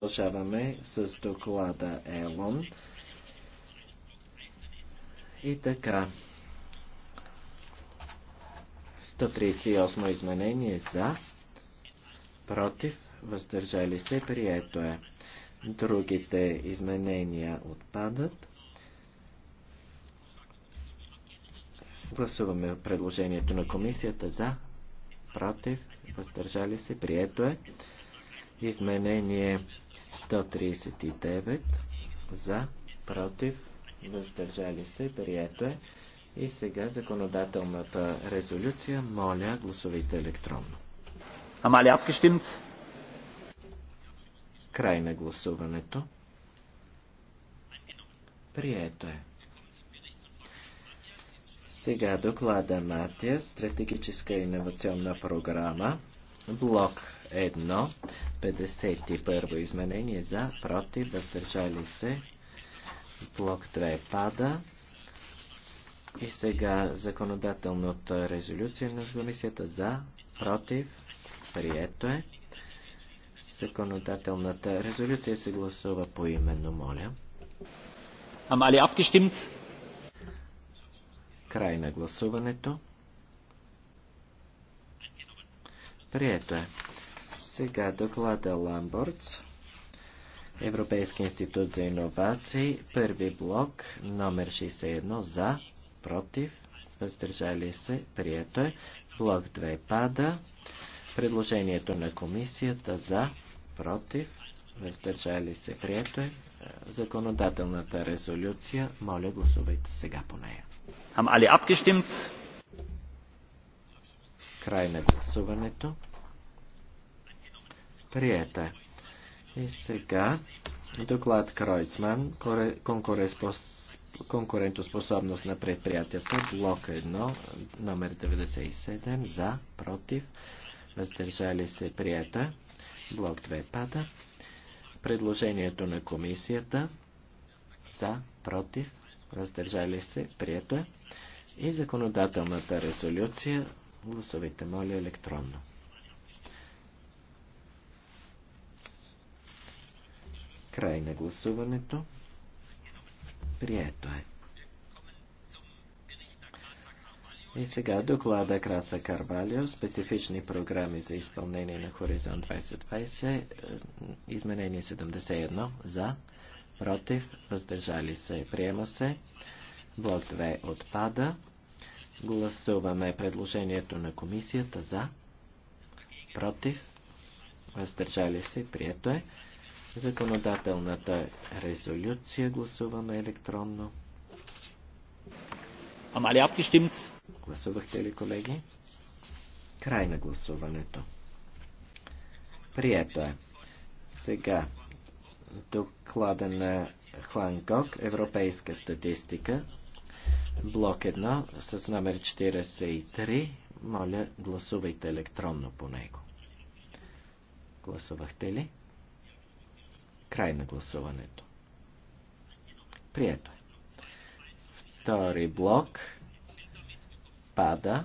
Продължаваме с доклада Елон. И така. 138 изменение за, против, въздържали се, прието е. Другите изменения отпадат. Гласуваме предложението на комисията за, против, въздържали се, прието е. Изменение 139 за, против, въздържали се, прието е. И сега законодателната резолюция. Моля, гласовите електронно. Амали абгестимт? Край на гласуването. Прието е. Сега доклада Матия, стратегическа иновационна програма, блок Едно. 51 изменение за, против, въздържали се, блок 3 пада. И сега законодателната резолюция на комисията за, против, прието е. Законодателната резолюция се гласува по именно, моля. Am alle abgestimmt? Край на гласуването. Прието е. Сега доклада Ламбордс. Европейски институт за иновации, първи блок, номер 61 за, против, въздържали се, прието е, блок 2 пада, предложението на комисията за, против, въздържали се, прието е, законодателната резолюция, моля гласувайте сега по нея. Ам али abgestimmt? Край на гласуването. Приета И сега доклад Кройцман, конкурентоспособност на предприятията, блок 1, номер 97, за, против, въздържали се, приета. Блок 2 пада. Предложението на комисията, за, против, въздържали се, прието е. И законодателната резолюция, гласовите моля електронно. Край на гласуването. Прието е. И сега доклада Краса Карвалио, специфични програми за изпълнение на Хоризонт 2020, изменение 71, за, против, въздържали се, приема се, блок 2 отпада, гласуваме предложението на комисията за, против, въздържали се, прието е. Законодателната резолюция гласуваме електронно. Амали абгестимт? Гласувахте ли, колеги? Край на гласуването. Прието е. Сега доклада на Хуан Гог, Европейска статистика, блок 1 с номер 43. Моля, гласувайте електронно по него. Гласувахте ли? Край на гласуването. Прието е. Втори блок пада.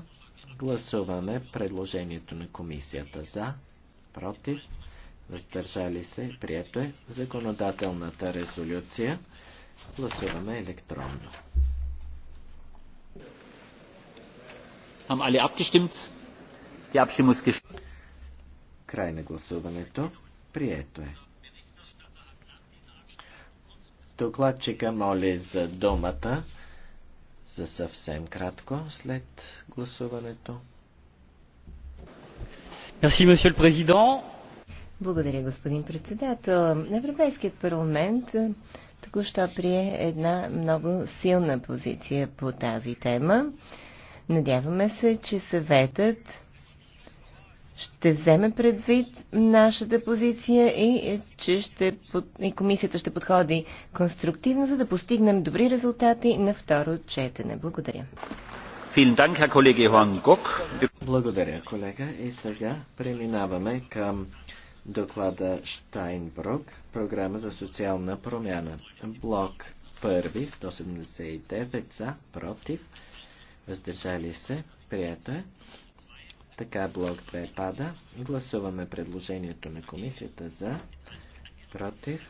Гласуваме предложението на комисията за, против, въздържали се, прието е. Законодателната резолюция гласуваме електронно. Haben alle abgestimmt? Die Abstimmung ist Край на гласуването. Прието е. Докладчика моли за думата за съвсем кратко след гласуването. Merci, monsieur le président. Благодаря, господин председател. Европейският парламент току-що прие една много силна позиция по тази тема. Надяваме се, че съветът ще вземе предвид нашата позиция и, е, че ще, и комисията ще подходи конструктивно, за да постигнем добри резултати на второ четене. Благодаря. Благодаря, колега. И сега преминаваме към доклада Штайнброк, програма за социална промяна. Блок първи, 179 за, против, въздържали се, прието е. Така блок 2 пада. Гласуваме предложението на комисията за, против,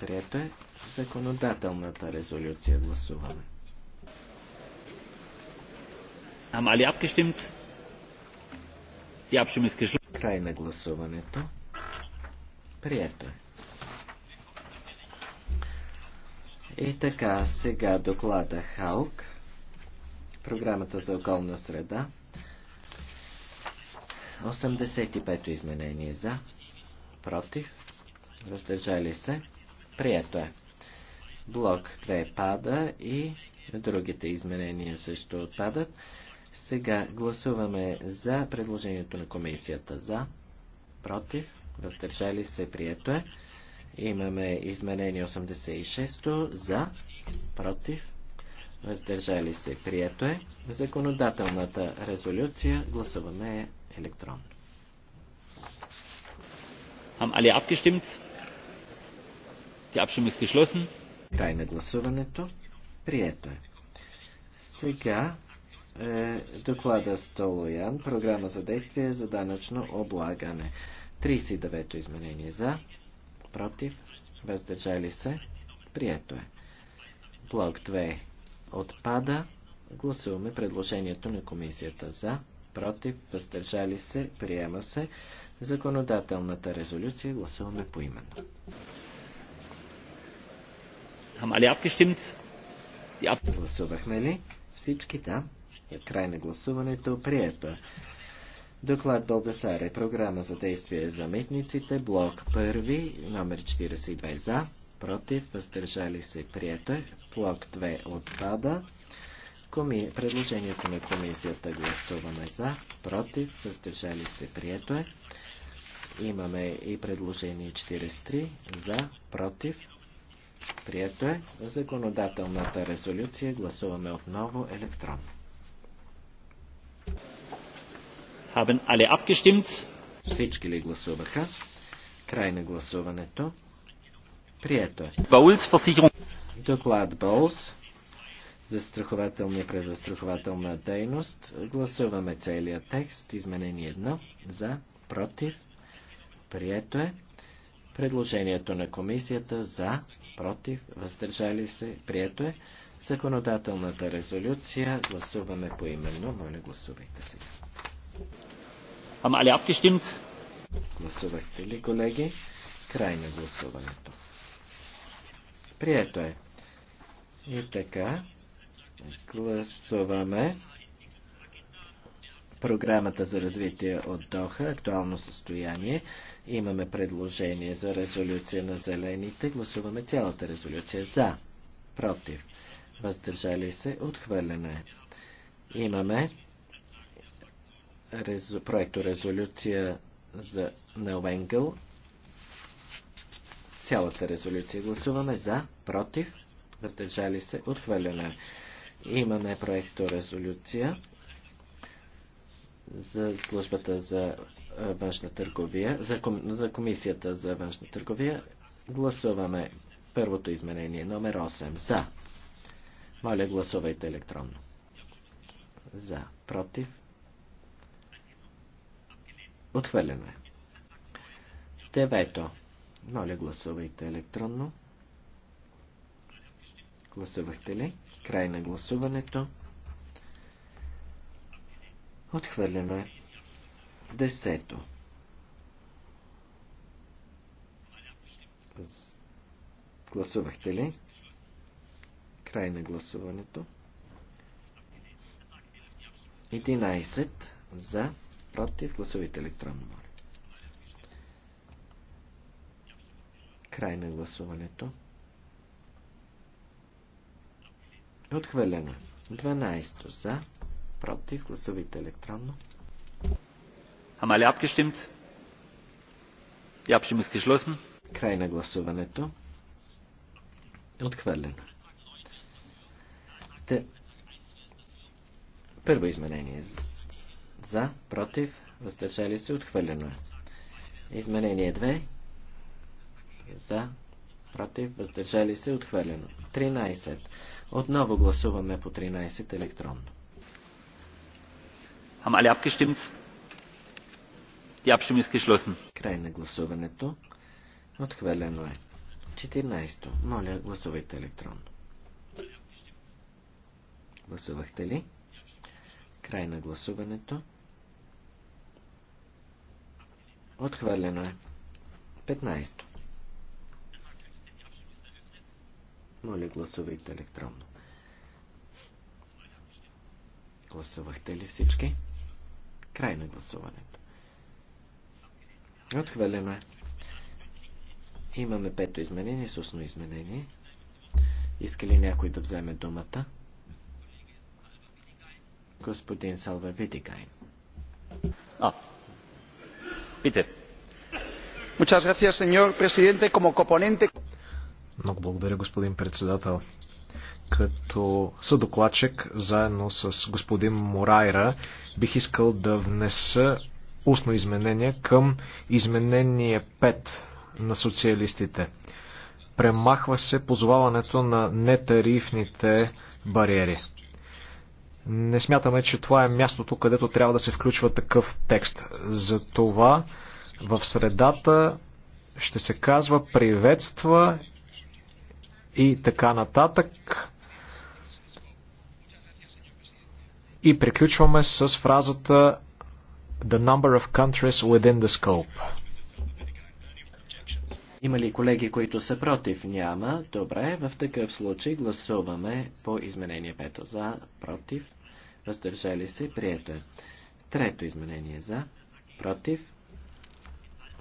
прието е законодателната резолюция. Гласуваме. Ама alle abgestimmt? Die Abstimmung ist geschlossen. Край на гласуването. Прието е. И така, сега доклада Халк, програмата за околна среда. 85-то изменение за, против, въздържали се, прието е. Блок 2 пада и другите изменения също отпадат. Сега гласуваме за предложението на комисията за, против, въздържали се, прието е. Имаме изменение 86 за, против, въздържали се, прието е. Законодателната резолюция гласуваме е. Haben alle abgestimmt? Die Abstimmung ist geschlossen. Край на гласуването. Прието е. Сега е, доклада Столоян, програма за действие за данъчно облагане. 39-то изменение за, против, въздържали се, прието е. Блок 2 отпада. Гласуваме предложението на комисията за, против, въздържали се, приема се. Законодателната резолюция гласуваме поименно. Гласувахме ли? Всички да. Е, край на гласуването прието. Доклад е Програма за действие за митниците. Блок 1. Номер 42 за. Против. Въздържали се. Прието. Е. Блок 2 отпада. Коми... Предложението на комисията гласуваме за, против, въздържали се, прието е. Имаме и предложение 43 за, против, прието е. Законодателната резолюция гласуваме отново електронно. Haben alle abgestimmt? Всички ли гласуваха? Край на гласуването. Прието е. Доклад Баулс застрахователна и презастрахователна дейност. Гласуваме целият текст. Изменение 1. За. Против. Прието е. Предложението на комисията за, против, въздържали се, прието е. Законодателната резолюция гласуваме по именно. Моля, гласувайте сега. Am alle Гласувахте ли, колеги? Край на гласуването. Прието е. И така, Гласуваме програмата за развитие от Доха, актуално състояние. Имаме предложение за резолюция на зелените. Гласуваме цялата резолюция за, против, въздържали се, отхвърляне. Имаме резо, проекто резолюция за Неуенгъл. Цялата резолюция гласуваме за, против, въздържали се, отхвърляне. Имаме проекто резолюция за службата за външна търговия, за, ком, за комисията за външна търговия. Гласуваме първото изменение, номер 8. За. Моля, гласувайте електронно. За. Против. Отхвърлено е. Девето. Моля, гласувайте електронно. Гласувахте ли? Край на гласуването. Отхвърлено е. Десето. Гласувахте ли? Край на гласуването. 11 за, против, гласувайте електронно, море. Край на гласуването. Отхвърлено. 12 за. Против. Гласувайте електронно. Haben ли abgestimmt? Die Abstimmung Край на гласуването. Отхвърлено. Те... Първо изменение. За, против, въздържали се, отхвърлено е. Изменение 2. За, против, въздържали се, отхвърлено. 13. Отново гласуваме по 13 електронно. Край на гласуването. Отхвърлено е. 14. Моля, гласувайте електронно. Гласувахте ли? Край на гласуването. Отхвърлено е. 15. Моля, гласувайте електронно. Гласувахте ли всички? Край на гласуването. Отхвърляме. Имаме пето изменение, сусно изменение. Иска ли някой да вземе думата? Господин Салва Видигайн. А, пите. Muchas gracias, señor presidente. Como много благодаря, господин председател. Като съдокладчик, заедно с господин Морайра, бих искал да внеса устно изменение към изменение 5 на социалистите. Премахва се позоваването на нетарифните бариери. Не смятаме, че това е мястото, където трябва да се включва такъв текст. Затова в средата ще се казва приветства и така нататък. И приключваме с фразата The number of countries within the scope. Има ли колеги, които са против? Няма. Добре, в такъв случай гласуваме по изменение пето. За, против, въздържали се, прието е. Трето изменение за, против,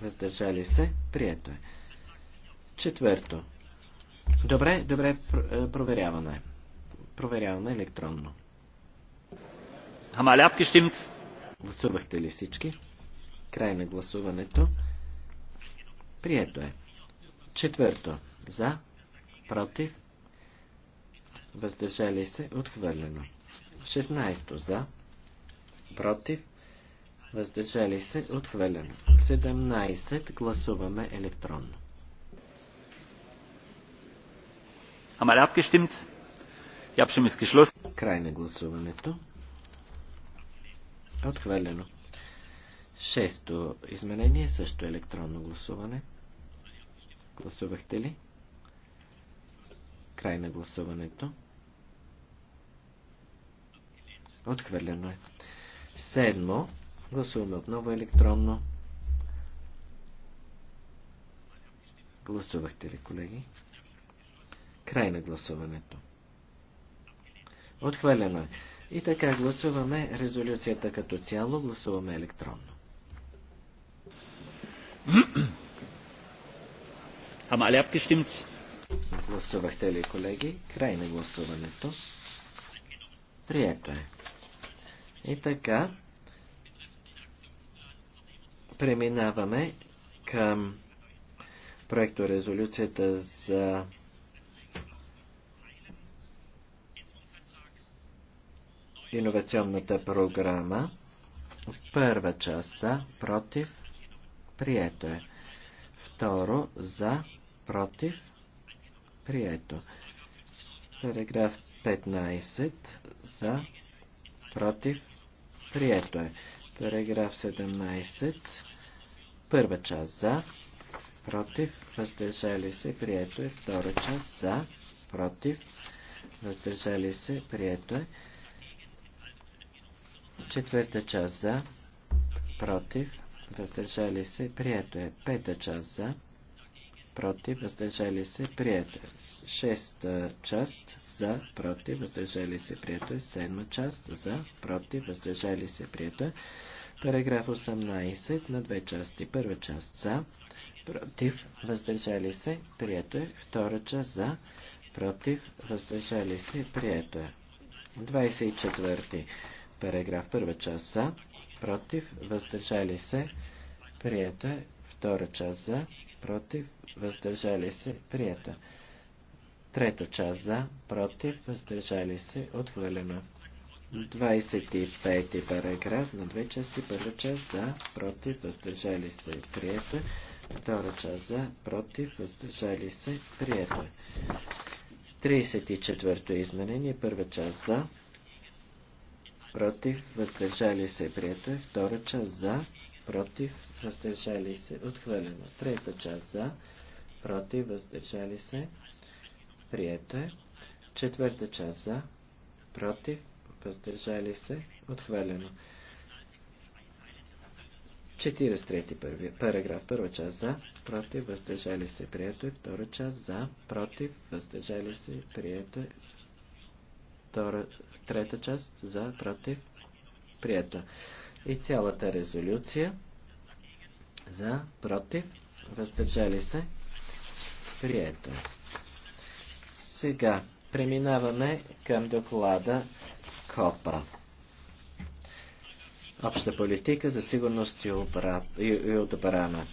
въздържали се, прието е. Четвърто Добре, добре, е, проверяваме. Проверяваме електронно. Хамаля абгестимт. Гласувахте ли всички? Край на гласуването. Прието е. Четвърто. За. Против. Въздържали се. Отхвърлено. 16. За. Против. Въздържали се. Отхвърлено. 17. Гласуваме електронно. Край на гласуването. Отхвърлено. Шесто изменение, също електронно гласуване. Гласувахте ли? Край на гласуването. Отхвърлено е. Седмо. Гласуваме отново електронно. Гласувахте ли, колеги? Край на гласуването. Отхвърлено е. И така гласуваме резолюцията като цяло, гласуваме електронно. Гласувахте ли, колеги? Край на гласуването. Прието е. И така, преминаваме към резолюцията за иновационната програма. Първа част за, против, прието е. Второ, за, против, прието. Параграф 15, за, против, прието е. Параграф 17, първа част за, против, въздържали се, прието е. Втора част за, против, въздържали се, прието е. Четвърта част за, против, въздържали се, прието е. Пета част за, против, въздържали се, прието е. Шеста част за, против, въздържали се, прието е. Седма част за, против, въздържали се, прието е. Параграф 18 на две части. Първа част за, против, въздържали се, прието е. Втора част за, против, въздържали се, прието е. 24. Параграф първа част за, против, въздържали се, прието е. Втора част за, против, въздържали се, прието е. Трета част за, против, въздържали се, отхвърлено. 25 ти параграф на две части. Първа част за, против, въздържали се, прието. Е. Втора част за, против, въздържали се, прието. 34-то е. изменение. Първа част за, против, въздържали се, прието е. Втора част за, против, въздържали се, отхвърлено. Трета част за, против, въздържали се, прието е. Четвърта част за, против, въздържали се, отхвърлено. 43 параграф, първа част за, против, въздържали се, прието е, втора част за, против, въздържали се, прието е, втора, Трета част за, против, прието. И цялата резолюция за, против, въздържали се, прието. Сега преминаваме към доклада КОПА. Обща политика за сигурност и, обра... и, и отбрана.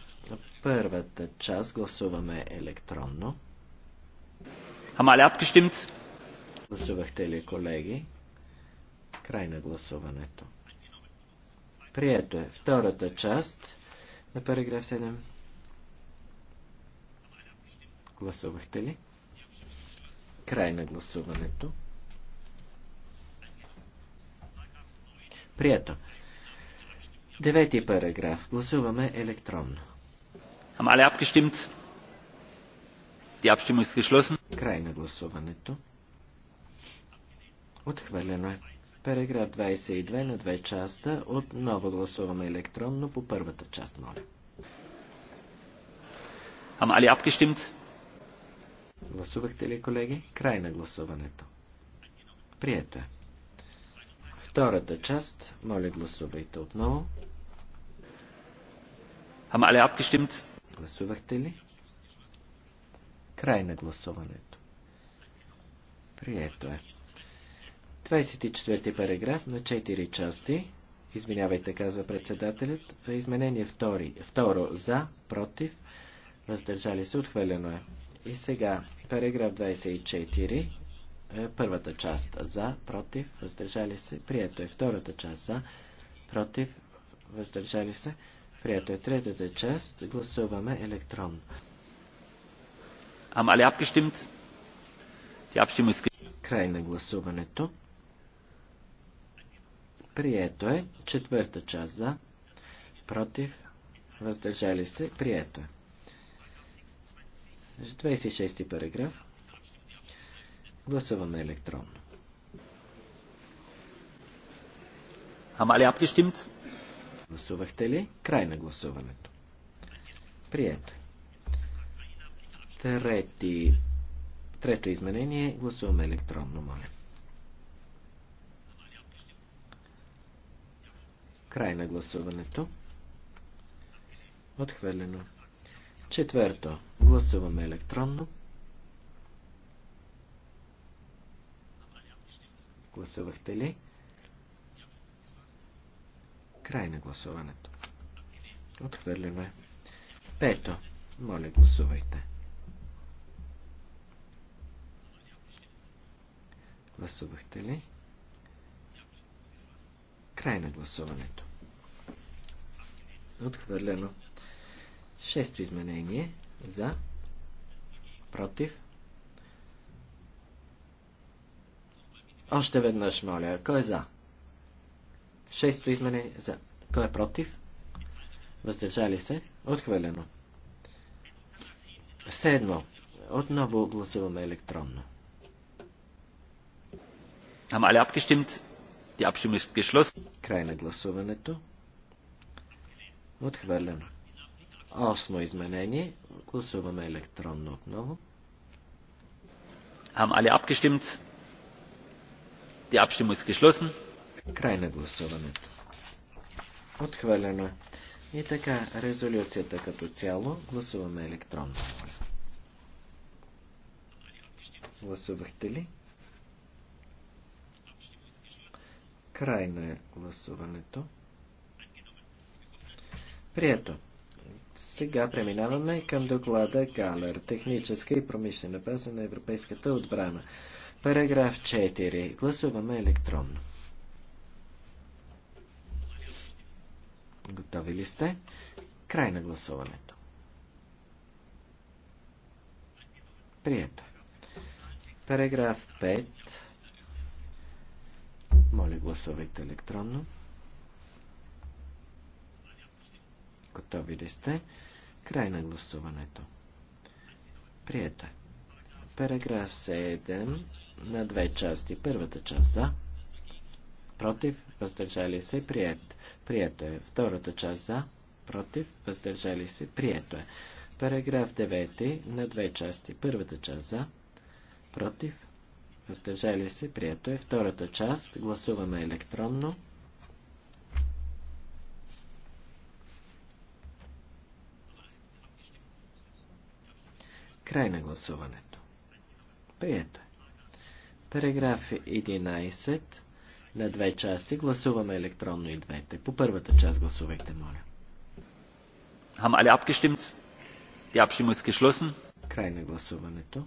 Първата част гласуваме електронно. Хамаля, alle Гласувахте ли, колеги? Край на гласуването. Прието е. Втората част на параграф 7. Гласувахте ли? Край на гласуването. Прието. Девети параграф. Гласуваме електронно. Haben alle abgestimmt? Die Abstimmung ist geschlossen. Край на гласуването. Отхвърлено е. Параграф 22 на две часта. Отново гласуваме електронно по първата част, моля. Haben alle abgestimmt? Гласувахте ли, колеги? Край на гласуването. Прието е. Втората част, моля гласувайте отново. Haben alle abgestimmt? Гласувахте ли? Край на гласуването. Прието е. 24 параграф на 4 части. Извинявайте, казва председателят. Изменение втори. Второ. За, против, въздържали се, отхвърлено е. И сега, параграф 24, е, първата част за, против, въздържали се, прието е. Втората част за, против, въздържали се, прието е. Третата част гласуваме електронно. Am alle abgestimmt? Край на гласуването. Прието е. Четвърта част за. Против. Въздържали се. Прието е. 26 параграф. Гласуваме електронно. Haben alle Гласувахте ли? Край на гласуването. Прието. Е. Трети, трето изменение. Гласуваме електронно, моля. Край на гласуването. Отхвърлено. Четвърто. Гласуваме електронно. Гласувахте ли? Край на гласуването. Отхвърлено е. Пето. Моля, гласувайте. Гласувахте ли? Край на гласуването. Отхвърлено. Шесто изменение за против. Още веднъж, моля, кой е за? Шесто изменение за. Кой е против? Въздържали се? Отхвърлено. Седмо. Отново гласуваме електронно. Ама alle abgestimmt? Край на гласуването. Отхвърлено. Осмо изменение. Гласуваме електронно отново. Haben али abgestimmt? Die Abstimmung е geschlossen. Край на гласуването. Отхвърлено е. И така, резолюцията като цяло гласуваме електронно. Гласувахте ли? Край на е гласуването. Прието. Сега преминаваме към доклада Галер. Техническа и промишлена база на европейската отбрана. Параграф 4. Гласуваме електронно. Готови ли сте? Край на гласуването. Прието. Параграф 5. Моля, гласувайте електронно. Готови ли сте? Край на гласуването. Прието е. Параграф 7 на две части. Първата част за. Против. Въздържали се. Прият. Прието е. Втората част за. Против. Въздържали се. Прието е. Параграф 9 на две части. Първата част за. Против. Въздържали се. Прието е. Втората част. Гласуваме електронно. Край на гласуването. Прието е. Параграф 11 на две части. Гласуваме електронно и двете. По първата част гласувайте, моля. Хам али abgestimmt? Die Abstimmung ist Край на гласуването.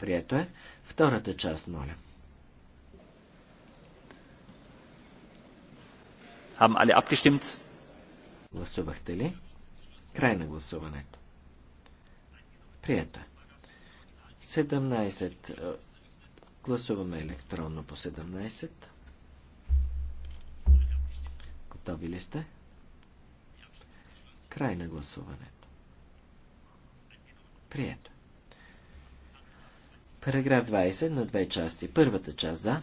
Прието е. Втората част, моля. Haben alle abgestimmt? Гласувахте ли? Край на гласуването. Прието е. 17. Е, гласуваме електронно по 17. Готови ли сте? Край на гласуването. Прието. Е. Параграф 20 на две части. Първата част за,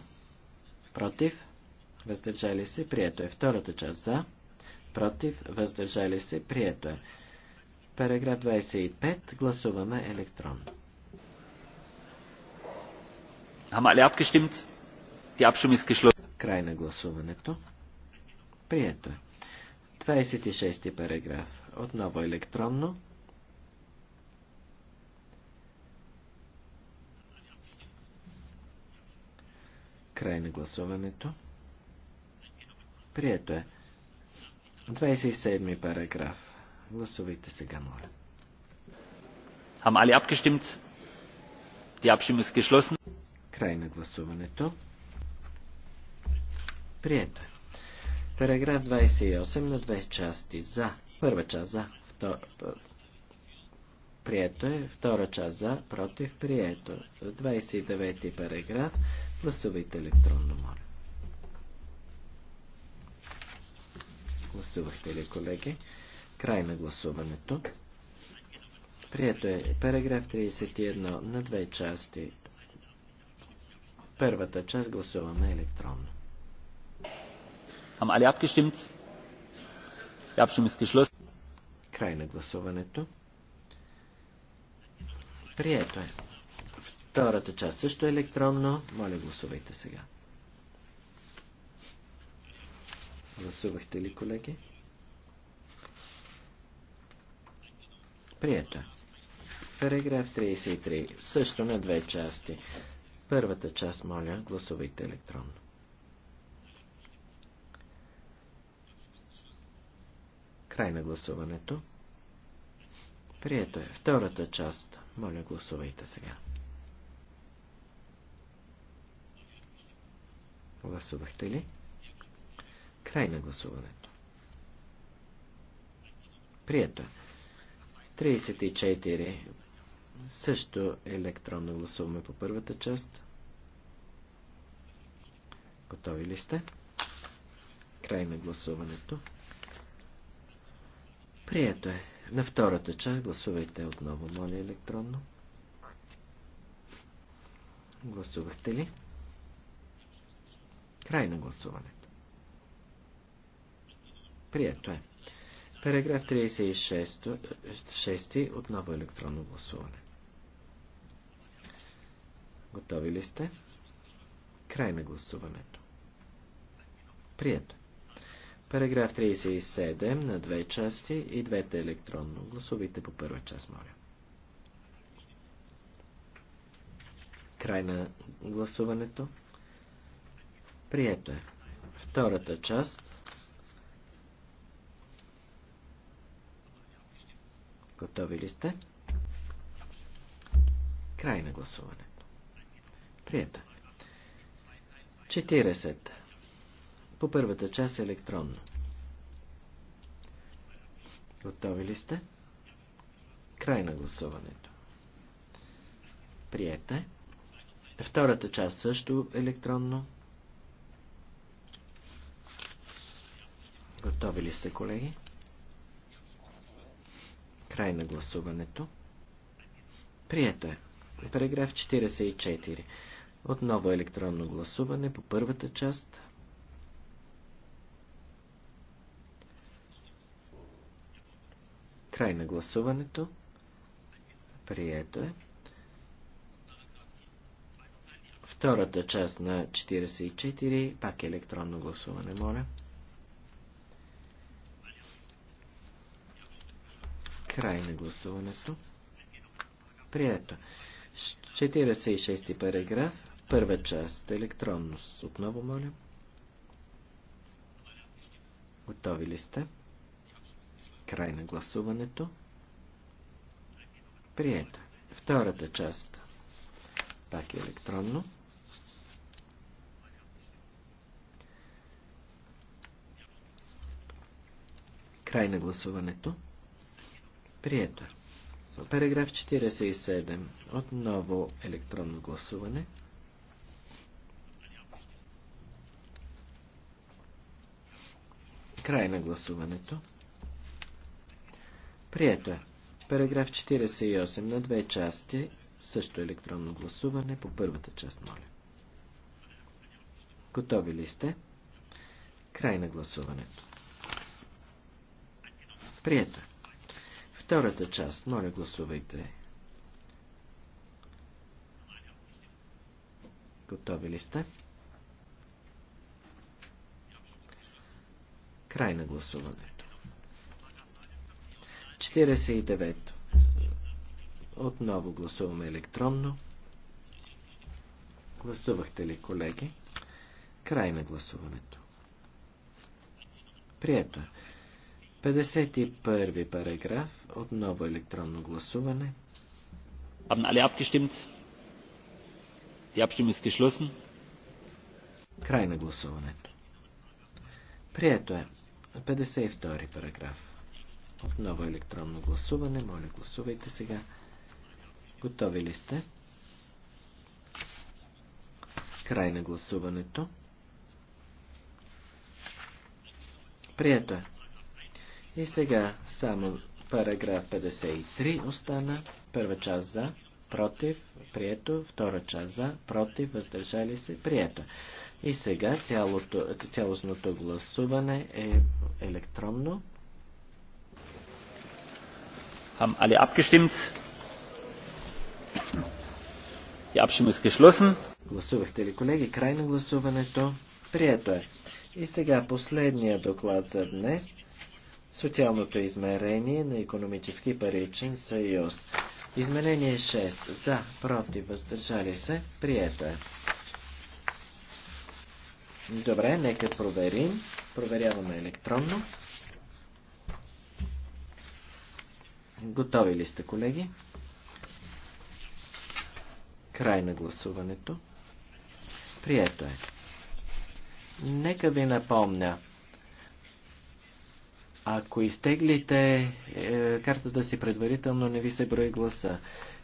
против, въздържали се, прието е. Втората част за, против, въздържали се, прието е. Параграф 25. Гласуваме електронно. Ама alle abgestimmt? Die Abstimmung ist Край на гласуването. Прието е. 26 параграф. Отново електронно. Край на гласуването. Прието е. 27 параграф. Гласувайте сега, моля. Хам али abgestimmt? Die Abstimmung ist geschlossen. Край на гласуването. Прието е. Параграф 28 на две части. За. Първа част за. Прието е. Втора част за. Против. Прието. 29 параграф. Гласувайте електронно, моля. Гласувахте ли, колеги? Край на гласуването. Прието е параграф 31 на две части. Първата част гласуваме електронно. Haben alle abgestimmt? Die Abstimmung ist geschlossen. Край на гласуването. Прието е. Втората част също е електронно. Моля, гласувайте сега. Гласувахте ли, колеги? Прието. Параграф 33. Също на две части. Първата част, моля, гласувайте електронно. Край на гласуването. Прието е. Втората част. Моля, гласувайте сега. Гласувахте ли? Край на гласуването. Прието. 34. Е. Също електронно гласуваме по първата част. Готови ли сте? Край на гласуването. Прието е. На втората част гласувайте отново, моля електронно. Гласувахте ли? Край на гласуването. Прието е. Параграф 36, 6, отново електронно гласуване. Готови ли сте? Край на гласуването. Прието. Параграф 37 на две части и двете електронно. Гласувайте по първа част, моля. Край на гласуването. Прието е. Втората част. Готови ли сте? Край на гласуването. Прието. е. 40. По първата част електронно. Готови ли сте? Край на гласуването. Приета. Е. Втората част също електронно. Готови ли сте, колеги? Край на гласуването. Прието е. Параграф 44. Отново електронно гласуване по първата част. Край на гласуването. Прието е. Втората част на 44, пак електронно гласуване, моля. Край на гласуването. Прието. 46 параграф, първа част, електронност. Отново моля. Готови ли сте? Край на гласуването. Прието. Втората част. Пак е електронно. Край на гласуването. Прието. Параграф 47. Отново електронно гласуване. Край на гласуването. Прието е. Параграф 48 на две части. Също електронно гласуване по първата част, моля. Готови ли сте? Край на гласуването. Прието е. Втората част. Моля, гласувайте. Готови ли сте? Край на гласуването. 49. Отново гласуваме електронно. Гласувахте ли, колеги? Край на гласуването. Прието е. 51 параграф, отново електронно гласуване. Haben alle abgestimmt? Die Abstimmung ist geschlossen. Край на гласуването. Прието е. 52 параграф. Отново електронно гласуване. Моля, гласувайте сега. Готови ли сте? Край на гласуването. Прието е. И сега само параграф 53 остана. Първа част за, против, прието. Втора част за, против, въздържали се, прието. И сега цялото, цялостното гласуване е електронно. Хам али abgestimmt? Я Abstimmung Гласувахте ли, колеги? Край на гласуването. Прието е. И сега последния доклад за днес – социалното измерение на економически паричен съюз. Изменение 6. За, против, въздържали се, прието е. Добре, нека проверим. Проверяваме електронно. Готови ли сте, колеги? Край на гласуването. Прието е. Нека ви напомня. Ако изтеглите е, картата си предварително, не ви се брои гласа.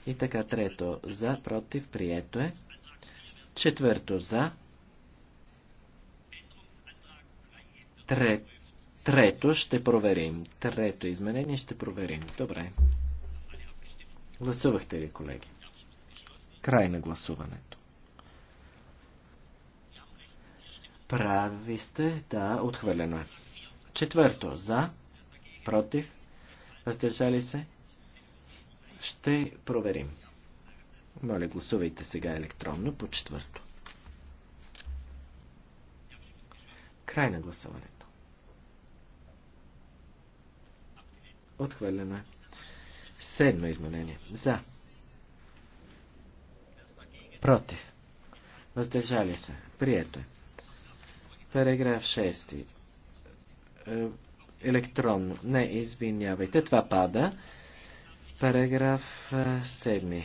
И така, трето, за, против, прието е. Четвърто, за. Тре, трето ще проверим. Трето изменение ще проверим. Добре. Гласувахте ли, колеги? Край на гласуването. Прави сте, да, отхвърлено е. Четвърто. За, против, въздържали се. Ще проверим. Моля, гласувайте сега електронно по четвърто. Край на гласуването. Отхвърлено е. Седмо изменение. За. Против. Въздържали се. Прието е. Параграф 6. Е, електронно. Не, извинявайте, това пада. Параграф 7.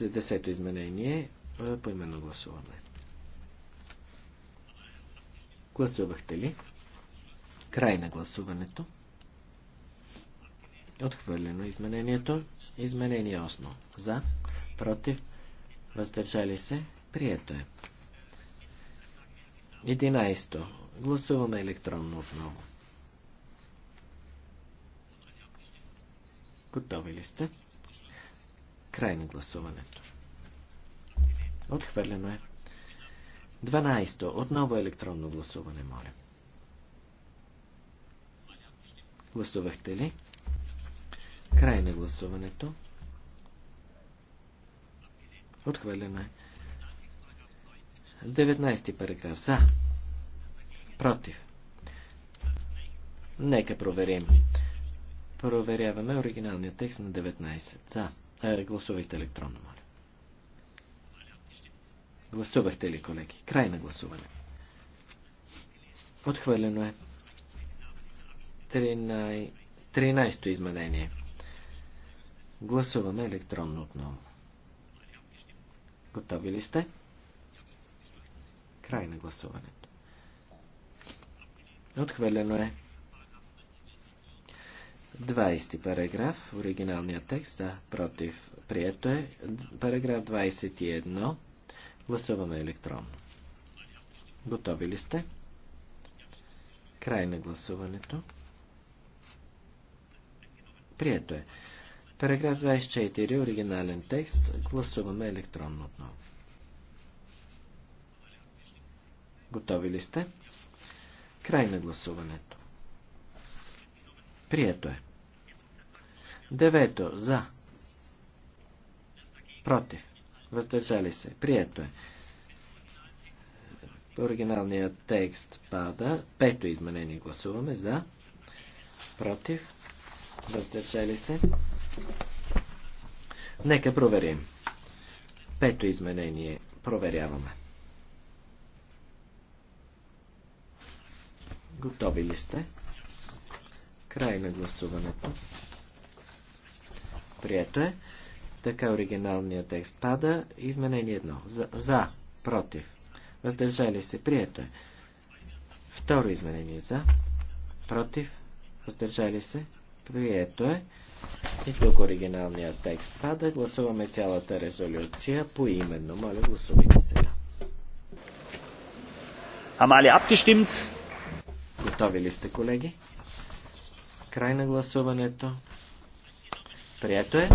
Е, десето изменение е, по именно гласуваме. Гласувахте ли? Край на гласуването. Отхвърлено изменението. Изменение 8. За. Против. Въздържали се. Прието е. 11. Гласуваме електронно отново. Готови ли сте? Край на гласуването. Отхвърлено е. 12. Отново електронно гласуване, моля. Гласувахте ли? Край на гласуването. Отхвърлено е. 19 параграф. За. Против. Нека проверим. Проверяваме оригиналния текст на 19. За. Е, гласувайте електронно, моля. Гласувахте ли, колеги? Край на гласуване. Отхвърлено е. 13, то изменение. Гласуваме електронно отново. Готови ли сте? Край на гласуването. Отхвърлено е. 20 параграф, оригиналният текст, за, против, прието е. Параграф 21, гласуваме електронно. Готови ли сте? Край на гласуването. Прието е. Параграф 24, оригинален текст, гласуваме електронно отново. Готови ли сте? Край на гласуването. Прието е. Девето. За. Против. Въздържали се. Прието е. Оригиналният текст пада. Пето изменение гласуваме. За. Против. Въздържали се. Нека проверим. Пето изменение проверяваме. Готови ли сте? Край на гласуването. Прието е. Така оригиналният текст пада. Изменение едно. За, за против. Въздържали се. Прието е. Второ изменение. За. Против. Въздържали се. Прието е. И тук оригиналният текст пада. Гласуваме цялата резолюция по именно. Моля, гласувайте сега. Амали абгестимт? Готови ли сте, колеги? Край на гласуването. Прието е.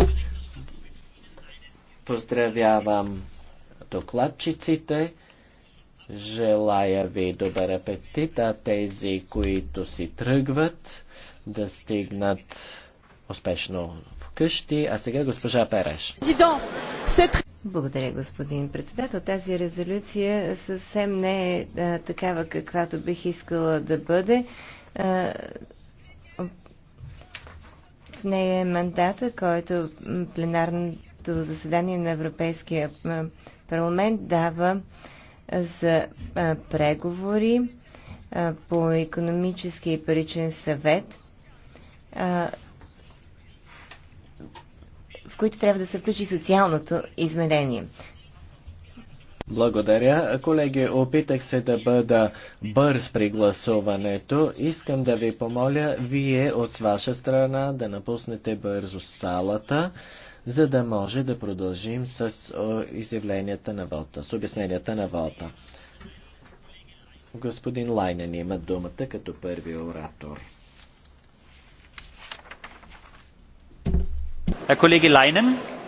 Поздравявам докладчиците. Желая ви добър апетит, а тези, които си тръгват, да стигнат успешно вкъщи. А сега госпожа Переш. Благодаря, господин председател. Тази резолюция съвсем не е а, такава, каквато бих искала да бъде. А, в нея е мандата, който пленарното заседание на Европейския парламент дава за преговори по економически и паричен съвет, в които трябва да се включи социалното измерение. Благодаря. Колеги, опитах се да бъда бърз при гласуването. Искам да ви помоля вие от ваша страна да напуснете бързо салата, за да може да продължим с изявленията на вота, с обясненията на вода. Господин Лайнен има думата като първи оратор. Е, колеги Лайнен.